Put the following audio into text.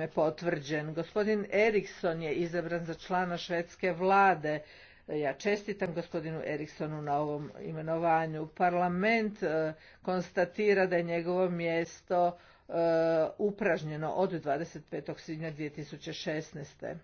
me potvrđen. Gospodin Erikson je izabran za člana švedske vlade. Ja čestitam gospodinu Eriksonu na ovom imenovanju. Parlament e, konstatira da je njegovo mjesto e, upražnjeno od 25. svibnja 2016.